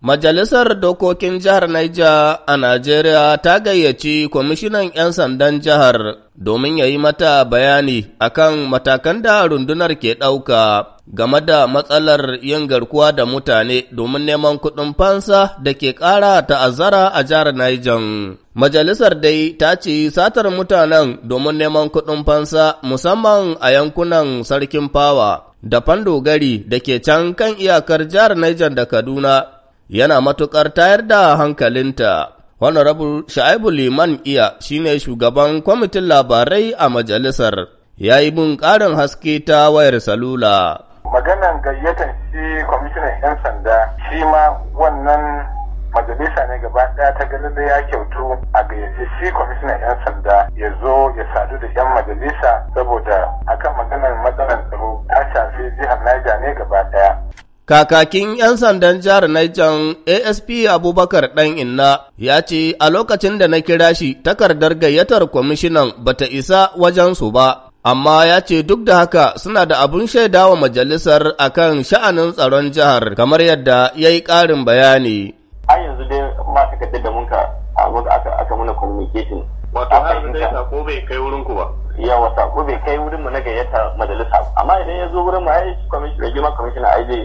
Majalisar Dokokin Jihar Naija a Najeriya ta gayyaci kwamishinan 'yan sandan jihar domin ya yi mata bayani akan matakan da rundunar ke ɗauka game da matsalar yin garkuwa da mutane domin neman kuɗin fansa da ke ƙara ta'azzara a jihar Niger. Majalisar dai ta ce satar mutanen domin neman kuɗin fansa musamman a yankunan sarkin fawa da Fando Gari da ke can kan iyakar jihar Niger da Kaduna. yana matuƙar tayar da hankalinta. Honorable Sha'ibu Liman Iya shine shugaban kwamitin labarai a majalisar, ya yi bin ƙarin haske ta wayar salula. Maganan gayyatar shi kwamishinan 'yan sanda shi ma wannan majalisa ne gaba ɗaya ta ganin da ya kyautu a gayyace shi kwamishinan 'yan sanda ya zo ya sadu da 'yan majalisa saboda Kakakin 'yan sandan jihar Niger ASP Abubakar ɗan inna ya ce a lokacin da na kira shi takardar gayyatar kwamishinan bata isa wajensu ba, amma ya ce duk da haka suna da abun shaidawa majalisar akan sha'anin tsaron jihar kamar yadda ya yi ƙarin bayani. A yanzu dai ma takardar da munka aka muna communication. Wato har dai sako bai kai wurin ku ba. Yawa sako bai kai wurin mu na gayyata majalisa. Amma idan ya zo wurin mu ai kwamishin kwamishina ai zai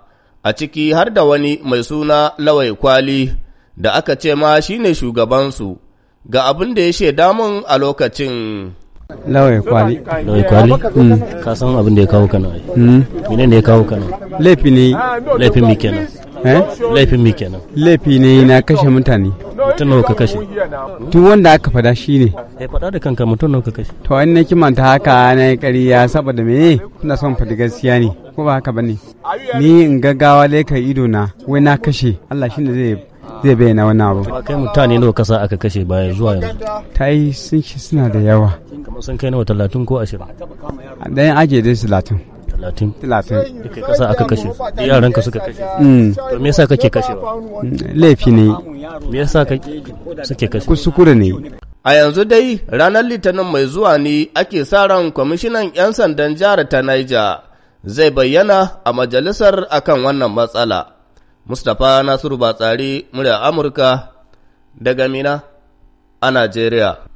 a ciki har da wani mai suna Lawai Kwali da aka ce ma shi ne shugabansu ga abin da ya shaida mun a lokacin. Lawai Kwali. Lawai Kwali? Hmm, ka san abin da ya kawo kana. Hmm? Mene ne ya kawo kana? Laifi ne. Laifin mi kenan. Eh? laifi mi kenan. Laifi ne na kashe mutane. Mutum nawa ka kashe? Tun wanda aka fada shi ne. Eh fada da kanka mutum nawa ka kashe? To an na kimanta haka na kariya saboda me? Kuna son fadi gaskiya ne ko ba haka bane? ni in gaggawa laika ido na wai na kashe Allah ne zai zai bayyana wani abu kai mutane nawa kasa aka kashe baya zuwa yanzu ta yi sun shi suna da yawa kamar sun kai nawa talatin ko ashirin dan ake dai talatin talatin talatin duka kasa aka kashe yaran ka suka kashe mm. to me yasa kake kashe. laifi ne me yasa kake suke kashe kuskure ne A yanzu dai ranar Litinin mai zuwa ne ake sa ran kwamishinan 'yan sandan jihar ta Niger zai bayyana a majalisar akan wannan matsala. Mustapha Nasiru Batsari, murya Amurka, daga Mina a Najeriya.